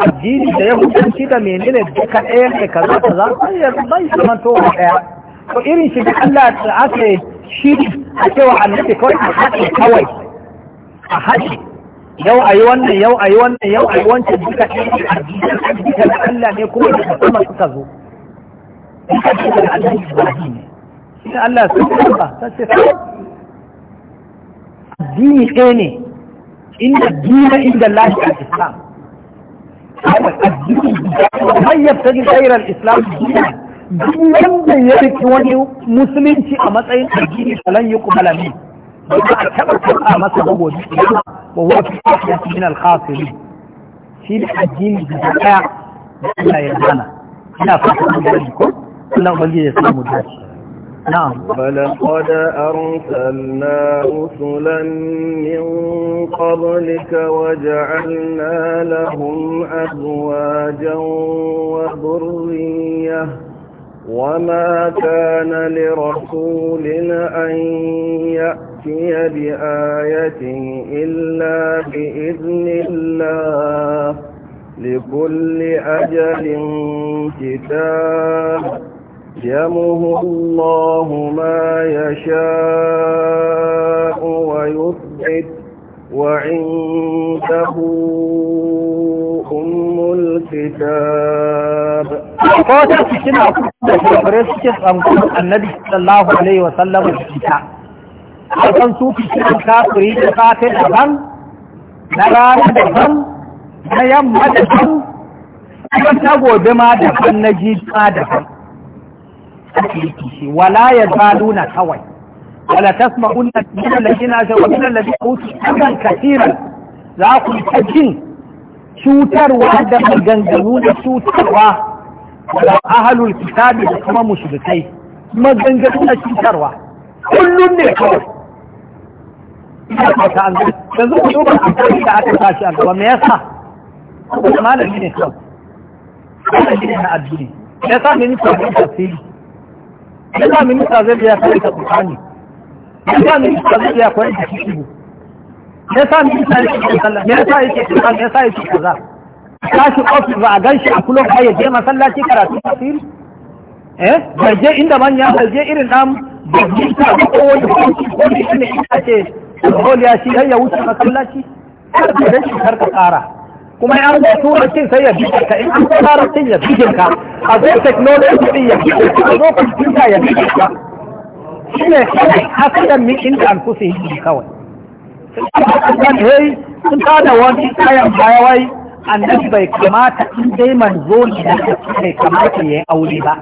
الجيل آه، ده يهود كده من اللي بكا ايه كذا كذا طيب، طيب، ما يسمى توقع وإذن شلية الله تعطي شيء a cewa annabi kawai a haɗe kawai a haɗe yau a yi wannan yau a yi wannan yau a yi wancan duka ɗaya a jikin Allah ne kuma da sama suka zo duka duka da Allah Ibrahim ne shi Allah ta ce addini ɗaya ne inda dina inda lahi a Islam kawai addini da mai yabta gairar Islam dina duk wanda ya riki wani musulunci a matsayin addini falan yi kuma lami ba a taɓa karɓa masa bugu da shi ba wa fi ya fi min alkhasiri shi da addini da ɗaya da Allah ya zana ina fata da shi ko Allah ubangiji ya samu dace نعم فلقد أرسلنا رسلا من قبلك وجعلنا لهم أزواجا وذرية وما كان لرسول أن يأتي بآية إلا بإذن الله لكل أجل كتاب يمه الله ما يشاء ويثبت وعنده أم الكتاب ko wata fitina da shafare suke tsankon annabi sallallahu alaihi wa sallam da fita a kan su fitinan kafiri da safe daban na rana daban na yamma daban na ta gobe ma daban na jima daban wala ya zaluna kawai wala da tasma'unna min alladhina jawu min alladhina utu akan katiran za ku ta jin cutarwa da maganganu da cutarwa da ahalul kitabi da kuma mushrikai maganganu na cutarwa kullum ne kawai ina fata an gani yanzu ku duba amfani da aka tashi a gaba me yasa saboda malami ne kawai malami ne na addini me sa minista zai tafsiri me sa minista zai biya kawai ta tsakani ya sa minista zai biya kawai ta kishi me sa minista yake sallah me yasa yake kaza me yasa yake kaza tashi ofis ba a gan shi a kullum ba ya je masallaci karatu tafsiri eh bai je inda manya bai je irin dan babban ta ko wani hukunci ko ne ita ce doliya shi har ya wuce masallaci kar ka shi kar ka tsara kuma ya zo cin sai ya bige ka in an tsara cin ya bi ka a zo technology din ya bige ka a zo computer ya bige ka shine da min inda an kusa yi kawai sun da wani kayan bayawai annabi bai kamata in dai manzo ne na bai kamata ya yi aure ba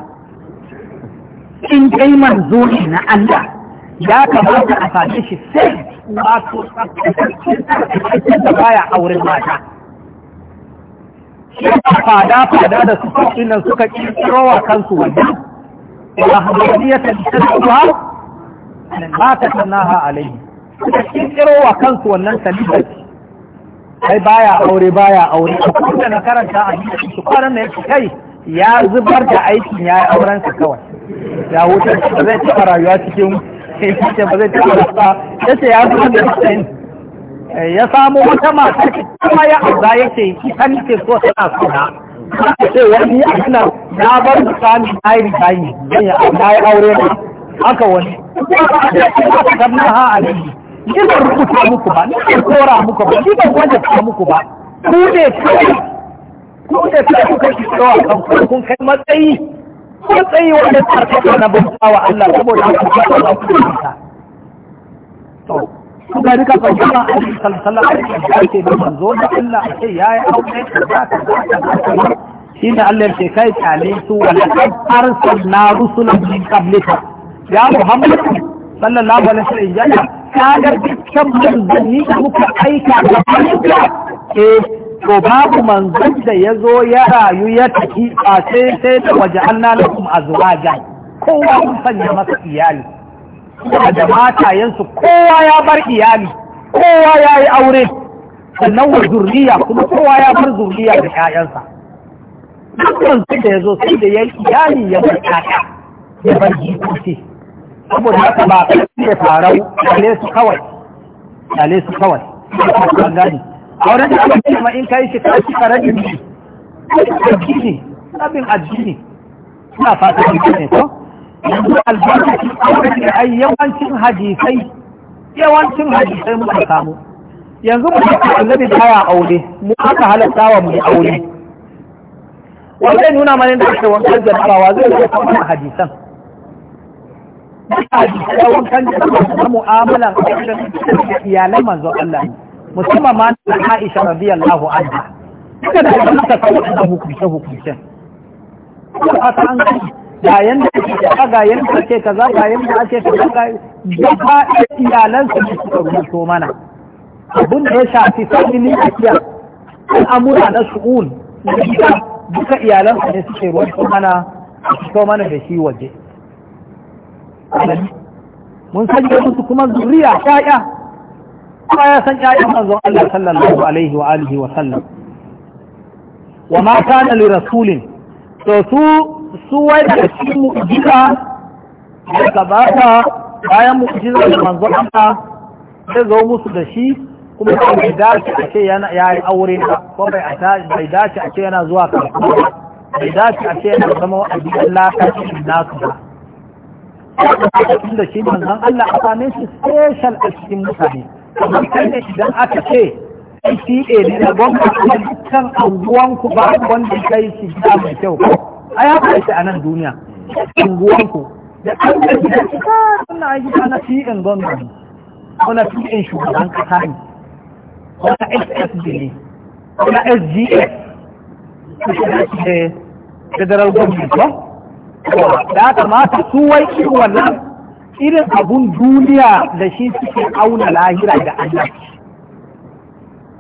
in dai manzo ne na Allah ya kamata a same shi sai wato tsakiyar da baya auren mata shi fada fada da suka kinan suka ki wa kansu wannan wa hadiyatan tasawwa mata tanaha alaihi suka kirkiro wa kansu wannan talibai ai baya aure baya aure da na karanta a su kwanan ne kai ya zubar da aikin ya yi auren sa kawai ya wuce ba zai taɓa rayuwa cikin kai ba zai taɓa rayuwa ya ce ya zubar da aikin eh, ya samu wata mata kuma ya auza ya ce ita ni ce so tana suna ta ce wani a nan na bar da sami na yi rigayi zai ya aure na haka wani. Aka gabna ha a ni ban rubuta muku ba ni ban tsora muku ba ni ban wajabta muku ba ku ne kai ku ne kai kuka ki tsawa kan kun kai matsayi matsayi wanda tsarkaka na bauta wa Allah saboda haka ku ba ku ta to ku ga rika fa jama'a alaihi sallallahu alaihi wasallam ke da manzo da Allah sai yayi aure da ta ta shine Allah ke kai tsale su wala arsalna rusulan min qablika ya Muhammad sallallahu alaihi wasallam kagar cikin manzanni da muka aika ga kwanuka eh to babu manzan da ya zo ya rayu ya tafi a sai sai da waje a zuwa azwaja kowa sun sanya masa iyali da matayensu kowa ya bar iyali kowa ya yi aure sannan wa zurriya kuma kowa ya bar zurriya da 'ya'yansa dukkan su da ya zo sai da ya yi iyali ya bar 'ya'ya ya bar jikoki saboda haka ba a ke farau kale su kawai kale su kawai an gane auren da aka kuma in kai shi kai ka rage shi addini abin addini ina fata shi ne to yanzu albarkaci auren da ai yawancin hadisai yawancin hadisai muka samu yanzu mu ce annabi baya aure mu aka halatta wa mu aure wannan nuna mana da cewa kan jama'a wa zai ga hadisan da wankan da na mu'amalan da iyalan manzo Allah musamman ma na Aisha radiyallahu anha duka da Allah ta kawo da hukunce hukunce a san ga yanda ake da ga yanda ake kaza ga yanda ake kaza ga duka iyalan su suka rubuto mana abun da ya shafi sabili akiya al'amura na su'ul duka iyalan su ne suke rubuto mana su mana da shi waje mun sanya musu kuma zuriya ƙwaya kuma ya san ƴaƴan manzon Allah sallallahu alaihi wa alihi wa sallam wa ma kana li rasulin to su su wai da cikin mu'jiza da gabata bayan mu'jiza da manzon Allah sai zo musu da shi kuma bai dace a ce yana yi aure ko bai bai dace a ce yana zuwa karatu bai dace a ce yana zama wa'adi Allah ta cikin su ba da shi manzon Allah a same shi special a cikin mutane kamar ne idan aka ce PTA ne da gwamnati da dukkan ba wanda kai shi gida mai kyau ai shi a nan duniya anguwanku da an ga gida suna yi ana PN gwamnati wani PN shugaban kasa ne wani SSD ne wani SGS da Federal Government ba da kamata su wai irin wannan irin abun duniya da shi suke auna lahira da Allah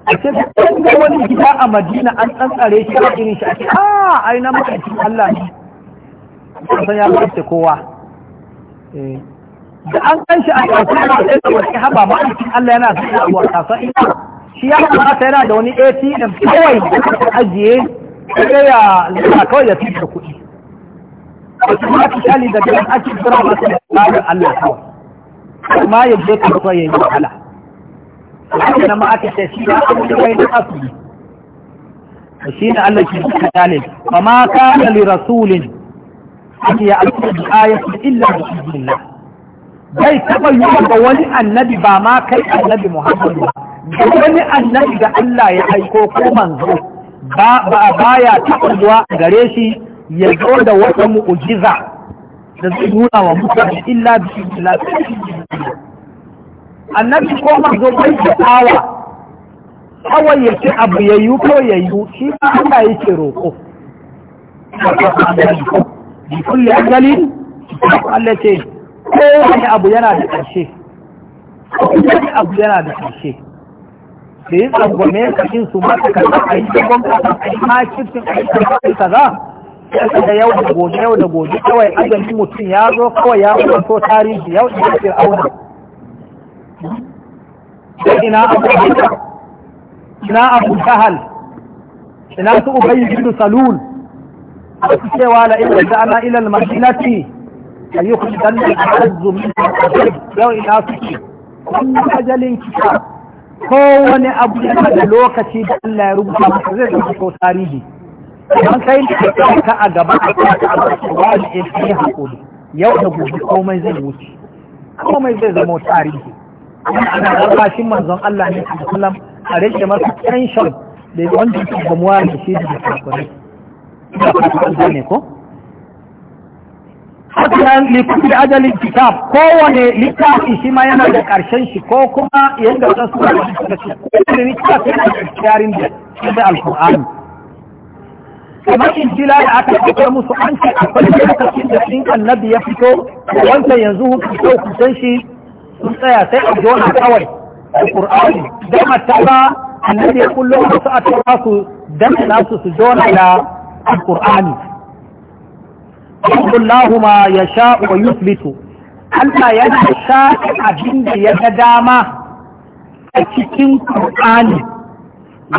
a ce ga wani gida a madina an tsantsare shi a irin shi a ce a ah, ai na makaici Allah ne san ya kace kowa eh, da an kan shi a kasuwa da sai da wani haba ma Allah yana zuwa a wasa, ina shi ya kamata yana da wani ATM kawai da ajiye sai ya kawai ya fitar kuɗi wasu ma su shali da biyan ake kira masu tsarin Allah kawai ma ya je ka so ya yi wahala haka nan ma aka ce shi ya abu da kai da asali shi ne Allah ke cikin shali fa ma kana li rasulin an ya alƙi ayatin illa bi idnillah bai taɓa yi wa wani annabi ba ma kai annabi Muhammadu ba ga wani annabi da Allah ya aiko ko manzo ba ba ya taɓa zuwa gare shi ya zo da wata mu'ujiza da zai nuna wa mutane illa bi illa annabi ko zo bai awa kawai ya ce abu ya yi ko ya yi shi ma Allah yake roƙo bi kulli ajalin Allah ce kowane abu yana da ƙarshe wani abu yana da ƙarshe da yi tsangwame ka cin su mata kaza a yi tsangon kaza a yi makircin a yi za. yasa da yau da gobe yau da gobe kawai ajalin mutum ya zo kawai ya kwanto tarihi yau da fir'auna ina abu ina abu jahal ina su ubayy bin salul su cewa la in ta'ala ila al-madinati ayyukhrijan al-azzu min yau ina su wannan ajalin kita kowane abu da lokaci da Allah ya rubuta masa zai zama tarihi don kai da ka a gaba a kasa a bashi wani ya yi haƙuri yau da gobe komai zai wuce komai zai zama tarihi wani ana albashin manzon Allah ne a kullum a rage masa tension da wanda ke gamuwa da shi da kafirai da kafirai ne ko hakan likuti da ajalin kitab kowane littafi shi ma yana da ƙarshen shi ko kuma yadda wasu suna da shi da littafi yana da yarin da shi da alkur'ani kamar injila da aka fitar musu an ce akwai lokacin da shi annabi ya fito wancan yanzu hukunce kusan shi sun tsaya sai a jona kawai da qur'ani da mataba annabi ya kullo wasu a tura su dan nasu su jona da qur'ani Allahu ma sha wa yuthbitu Allah yana sha abin da ya ga dama a cikin ƙur'ani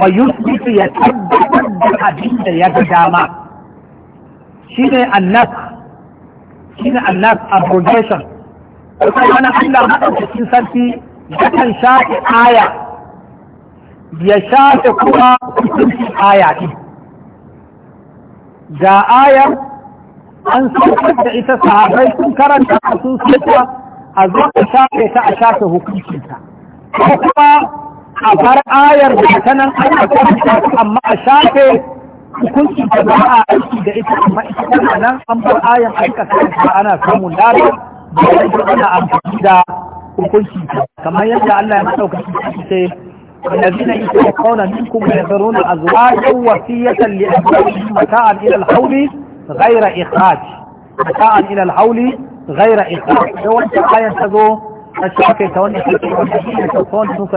wa yusbitu ya tabbatar da abin da ya ga dama shine annas shine annas abrogation ko wani Allah madaukakin sarki yakan shafe aya ya shafe kuma hukuncin aya din ga ayar an saukar da ita sahabai sun karanta a sun sauka a zo a shafe ta a shafe hukuncinta ko kuma a bar ayar da ta nan aka karanta amma a shafe hukunci da ba a aiki da ita amma ita tana nan an bar ayar aka karanta ana samun lada da yanzu ana amfani da hukunci kamar yadda Allah ya maɗaukaki ce الذين يتوفون منكم ويذرون ازواجا وصيه لازواجهم متاعا الى الحول غير اخراج متاعا الى الحول غير اخراج لو انت آية تزو الشاكر يتولى الشيطان سوف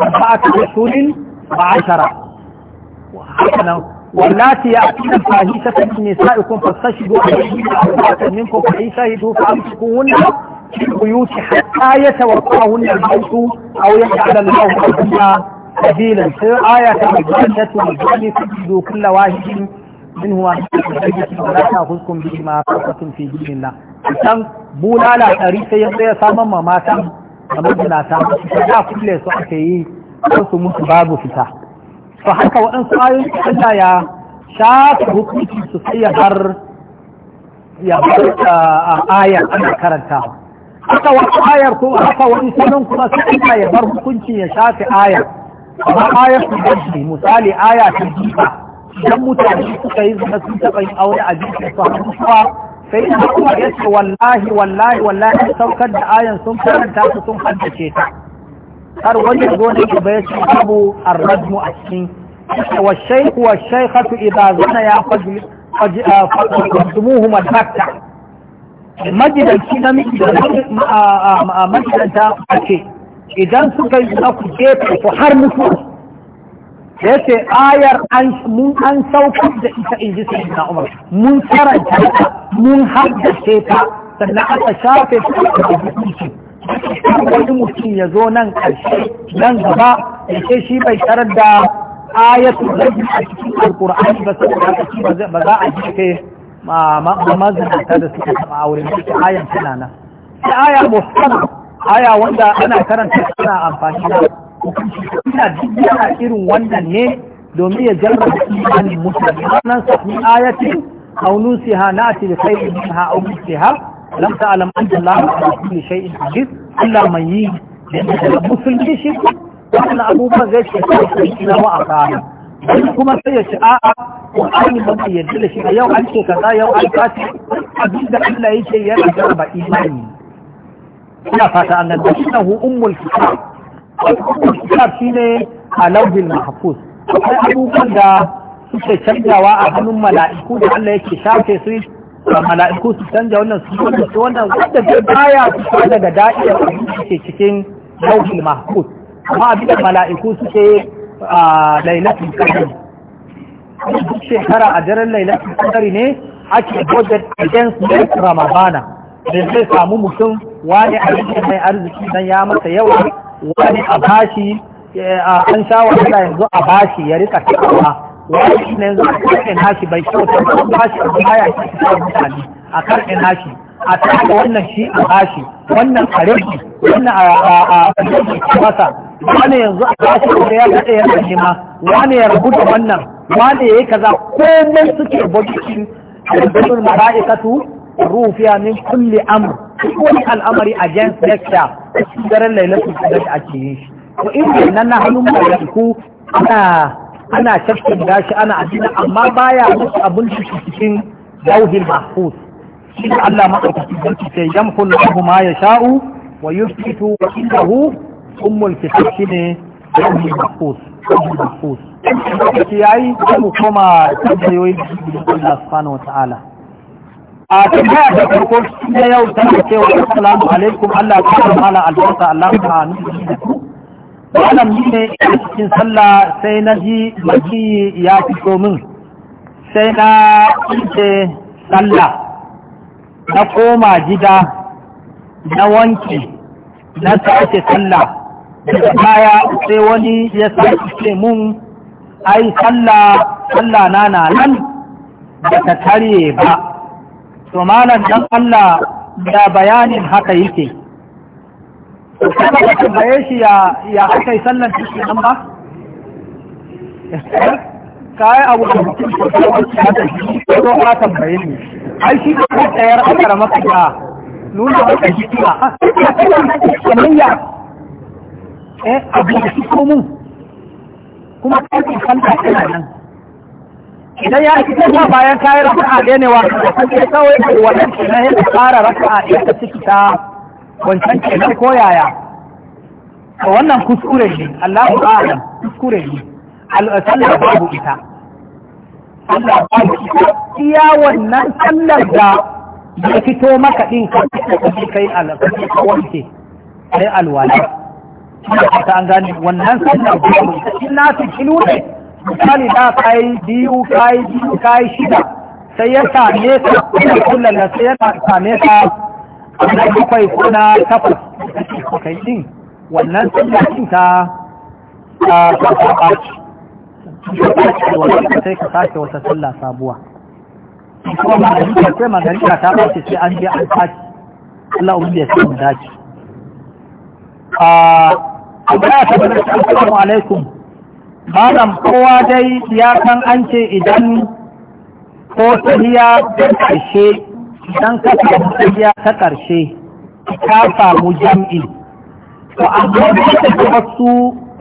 أربعة رسول وعشرة وحسنا واللاتي يأتين الفاهيشة من نسائكم فاستشهدوا عليهن أربعة منكم فإن شهدوا فأمسكوهن في البيوت حتى يتوفاهن الموت أو يجعل الله لهن سبيلا في آية الجنة والجنة تجدوا كل واحد منهما من ولا تأخذكم بهما رأفة في دين الله can bulala ɗari sai ya samar saman ma matan da majalata ta da kulle su ake yi ko su mutu babu fita to haka waɗansu ayoyin Allah ya shafi hukunci su sai ya bar ya bar ah, ah, ayar ana karanta haka wani ayar ko haka wani sanin kuma sai Allah ya bar hukunci ya shafi ayar amma ayar su gaji misali aya ta jifa idan mutane suka yi zuwa sun taɓa yin aure a jikin su har sai da kuma ya ce wallahi wallahi wallahi an saukar da ayan sun karanta su sun haddace ta har wani zo da ke bai ce babu arrajmu a cikin wa shaykhu wa shaykhatu idza zana ya fajli fajtumuhuma dakta majidanci namiji da majidanta ce idan suka yi na ku jefe su har mutuwa ya ce ayar mun an saukar da ita in ji sai na umar mun karanta ta mun haddace ta sannan aka shafe ta da hukunci wani mutum ya zo nan ƙarshe nan gaba ya ce shi bai tarar da ayatul rajul a cikin alqur'ani ba saboda shi ba za a ji ma mazinata da suka taɓa aure cikin ayan tana nan sai aya muhammad aya wanda ana karanta tana amfani da hukunci Allah duk yana irin wannan ne domin ya jarraba imanin mutane ranar sa min ayatin na ati na'ti bi khairin minha aw mithliha lam ta'lam anna Allah ala kulli shay'in qadir Allah mai yi da musulmi shi wannan abubuwan zai ce sai ina a akara wani kuma sai ya ce a'a ko Qur'ani ba mai yadda da shi yau an ce kaza yau an kace abin da Allah yake yana jarraba imani ina fata annabi innahu ummul kitab shi ne a lauhin akwai abubuwan da suke canjawa a hannun mala'iku da Allah yake shafe su mala'iku su canja wannan su wanda su wannan wanda zai baya su daga da suke cikin lauhin amma abin da mala'iku suke a shekara a daren lailatul qadr ne ake budget against Ramadana da zai samu mutum wani abinci mai arziki nan ya masa yawa wani a bashi eh, an sha wa wahala yanzu a bashi ya rika kawa wani shi ne yanzu a karɓe nashi bai kyauta ba bashi a baya shi ta mutane a karɓe nashi a taka wannan shi a bashi wannan a rage wannan a rage masa wani yanzu a bashi da ya daɗe ya rage ma wani ya rubuta wannan wani ya yi kaza komai suke shi da zubar mara'ikatu rufiya min kulli amr wani al'amari a jan daren lailatul qadr a cikin shi to in nan na hannun malaiku ana ana shakkin gashi ana addini amma baya musu abun shi cikin lauhin mahfuz shi Allah madaukaki dan ce yamhu Allahu ma yasha'u wa yusbitu wa innahu ummul kitab shine lauhin mahfuz lauhin mahfuz yayi mu koma tambayoyin Allah subhanahu wa ta'ala a tambaya da farko da yau tana cewa assalamu alaikum Allah ya kara mana albarka Allah ta nufi malam ni ne a cikin sallah sai na ji maji ya fito min sai na ce sallah na koma gida na wanki na sake sallah daga baya sai wani ya sake ce mun ai sallah sallah na na nan ba ta karye ba to malam dan Allah da bayanin haka yake tambaye shi ya ya aka yi nan ba eh, abu da mutum ko ka tambaye ni ai shi tsayar maka da nuna maka kamar eh abu da shi kuma kai kan ta kana nan idan ya ake tafiya bayan kayan raka'a ɗaya ne wa kasance kawai wannan kenan ya fara raka'a ɗaya ta ciki ta wancan kenan ko yaya wannan kuskure ne Allahu a'lam kuskure ne sallar babu ita sallar babu ita iya wannan sallar da ya fito maka ɗin ka kai kai alƙaci ka wanke kai alwala ta an gane wannan sallar babu ita in na fi ne misali da ka biyu ka biyu ka shida sai ya same ka kuma kullum da sai ya same ka na bakwai ko na takwas kai din wannan sallah din ta ta sai ka sake wata sallah sabuwa kuma magariba sai magarita ta ɓace sai an je an sake Allah umu ya ah, a mu a Abu ya tabbata assalamu alaikum. malam kowa dai ya san an ce idan ko tahiya ta ƙarshe idan ka samu ta ƙarshe ka samu jam'i to amma da wasu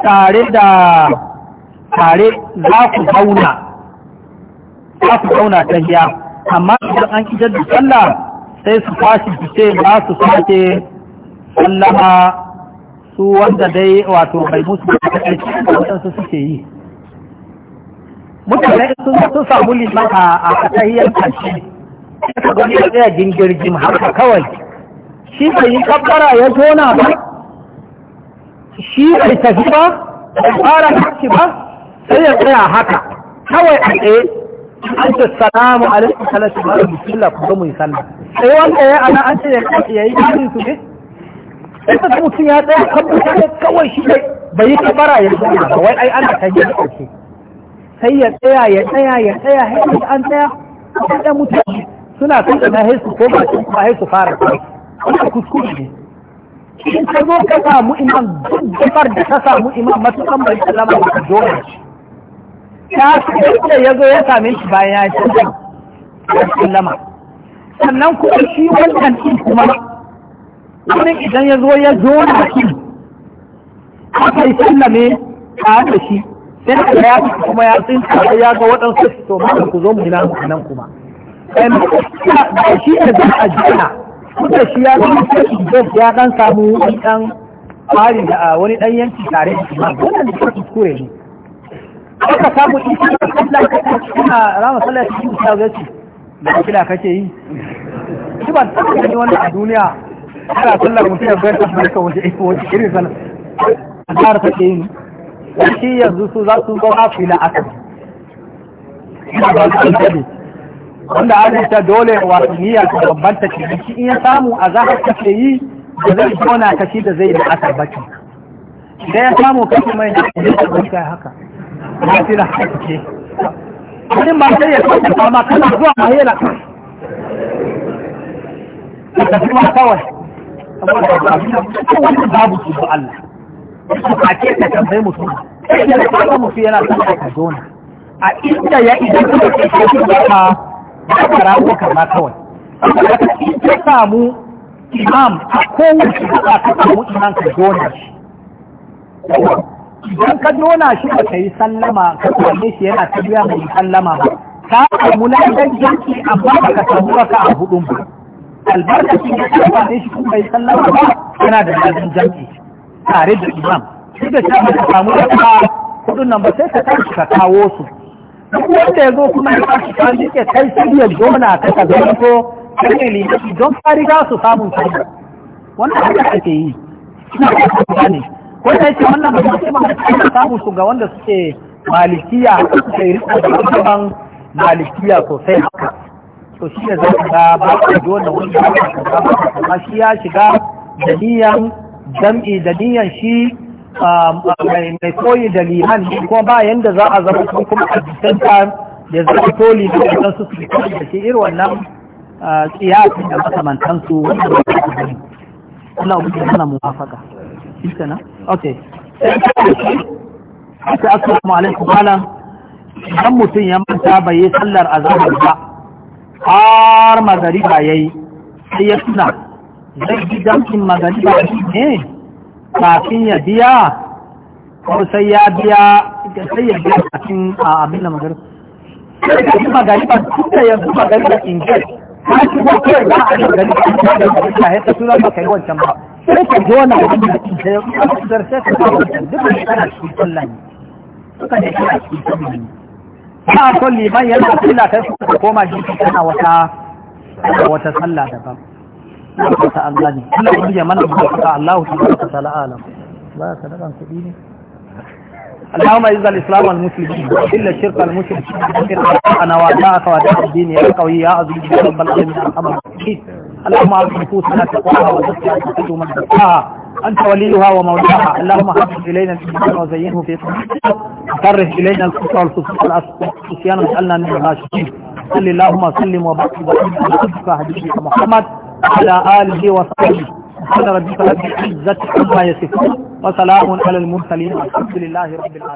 tare da tare za ku zauna za ku zauna hiya amma idan an ijar da sallah sai su fashi fice za ba su sake sallama su wanda dai wato bai musu waɗansu suke yi mutane sun samu liman a tahiyar ƙarshe ka gani a tsaya jim haka kawai shi bai yi kabbara ya tona ba shi bai tafi ba bai fara tashi ba sai ya tsaya haka kawai a tsaye an ce salamu alaikum salatu wa rahmatullah kuma mu yi sallah sai wanda ya ana an ce ya yi su ne sai da mutum ya tsaya kan mutane kawai shi ne bai yi kabara ya tsaya ba wai ai ana ta yi ake. sai ya tsaya ya tsaya ya tsaya sai an tsaya da mutane suna kan ina hesu ko ba su ba hesu fara wannan kuskure ne in ka zo ka samu imam gabar da ka samu imam matukan bai sallama ba ka shi ta da ya zo ya same shi bayan ya sallama sannan kuma shi wannan din kuma wani idan ya zo ya zo na shi aka yi sallame a da shi sai da ya fi kuma ya tsinta ya ga waɗansu su to ma ku zo mu ina nan kuma da shi da za a jina kuma shi ya zama sai ya dan samu wani dan fari da wani dan yanki tare da kuma wannan ne kuma kuskure ne aka samu isa da kuma kuma kana rama sallah ta cikin da kuma kake yi shi ba ta wani a duniya ana sallar mutum ya bayar da barka wace eh, wace irin sallar a tsara take yin shi yanzu su za su zama su yi la'akar wanda an ta dole wasu niyyar ta babban bambanta ce shi in ya samu a zahar kake yi da zai kona kashi da zai yi la'akar baki idan ya samu kashi mai da ya tabbaci haka ba shi da haka ce wani ba sai ya kasa ma kana zuwa ma yana ka tafi ma kawai saboda abin da wanda babu su ba Allah a ce ka tambayi mutum sai da ka mutum yana son ka zauna a inda ya idan kuma ke shi ba ka fara ko kama kawai saboda ka ta samu imam a kowace kasa ka samu imam ka zauna shi idan ka jona shi ba ka yi sallama ka same shi yana tafiya mai sallama ba ka samu ladan yanki amma ba ka samu raka a hudun ba albarkacin da ya fara shi kuma ya sallama ba yana da dadin jam'i tare da imam shi da cewa ta samu da ka kudin nan ba sai ka tashi ka kawo su duk wanda ya zo kuma ya tashi ka ke kai sai ya jona ka ka zama ko kai ne limafi don fari riga su samun kai wannan haka ake yi ina ba ne ko sai ce wannan ba sai ba ka samu su ga wanda suke malikiya suke riko da malikiya sosai haka to shi ne za ka ba ka ji wannan wani ya ba shi ya shiga da niyan jam'i da niyan shi mai koyi da liman ko ba yanda za a zama kun kuma a jisanta ya zama toli da wannan su su da shi irin wannan tsiyafi da makamantansu wanda ba ka gani Allah ubi yana muwafaka shi kenan okay assalamu alaikum malam idan mutum ya manta bai yi sallar azhar ba har magariba ya yi sai ya tuna zai ji damkin magariba ne kafin ya biya ko sai ya biya sai ya biya kafin a abin da magariba sai ka ji magariba tun da yanzu magariba in gai ta ci ko kai ba a magariba in gai da magariba ya ta suna ba kai wancan ba sai ka ji wani abin da ke da ya kusa sai ka kawo wancan duk da shi ana cikin sallah ne suka da shi a cikin sallah ne ba a son liman yana sallah kai su koma shi tana wata wata sallah daban wata Allah ne Allah ya yi mana barka Allah ta ta'ala alam ba sadakan kudi ne اللهم اعز الاسلام والمسلمين الا الشرك المشرك انا واتاك واتاك الدين يا قوي يا عزيز يا رب العالمين ارحم الراحمين اللهم اغفر نفوسنا تقواها وزكها تقي من زكاها انت وليها ومولاها اللهم حبب الينا الايمان وزينه في قلوبنا وكره الينا الكفر والفسوق والعصيان واجعلنا من الراشدين صل اللهم سلم وبارك وسلم على عبدك حبيبك محمد وعلى اله وصحبه سبحان ربك رب العزه عما يصفون وسلام على المرسلين والحمد لله رب العالمين